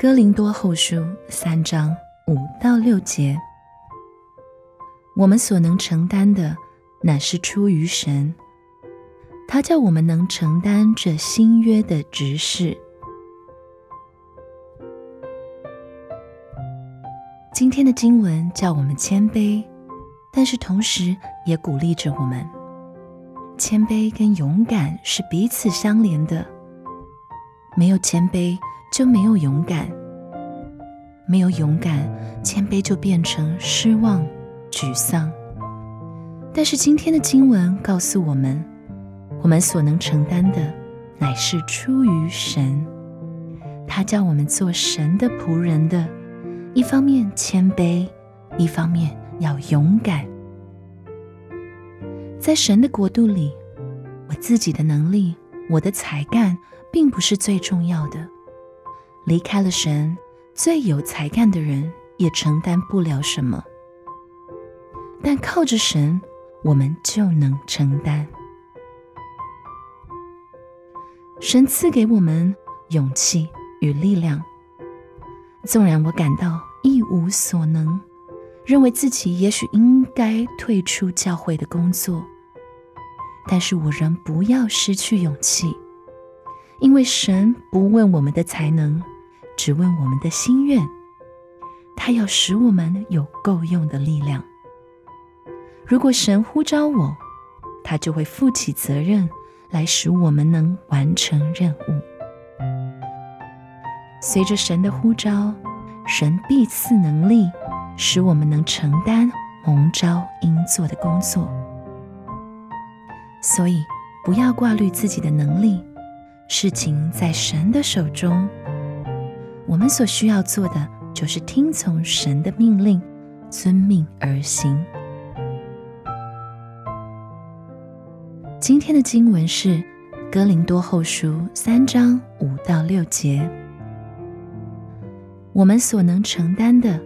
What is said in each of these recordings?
哥林多後書三章五到六節，我們所能承擔的乃是出於神，他叫我們能承擔這新約的職事。今天的經文叫我們謙卑，但是同時也鼓勵着我們，謙卑跟勇敢是彼此相連的，沒有謙卑。就沒有勇敢，沒有勇敢，謙卑就變成失望、沮喪。但是今天的經文告訴我們，我們所能承擔的乃是出於神，他叫我們做神的僕人的，一方面謙卑，一方面要勇敢。在神的國度裡，我自己的能力、我的才幹，並不是最重要的。離開了神，最有才幹的人也承擔不了什麼。但靠着神，我們就能承擔。神賜給我們勇氣與力量。縱然我感到一無所能，認為自己也許應該退出教會的工作，但是我仍不要失去勇氣，因為神不問我們的才能。只問我們的心願，他要使我們有夠用的力量。如果神呼召我，他就會負起責任來使我們能完成任務。隨着神的呼召，神必賜能力，使我們能承擔蒙召應做的工作。所以，不要掛慮自己的能力，事情在神的手中。我們所需要做的就是聽從神的命令，遵命而行。今天的經文是《哥林多後書》三章五到六節。我們所能承擔的，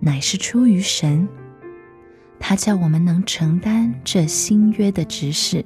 乃是出於神，他叫我們能承擔這新約的執事。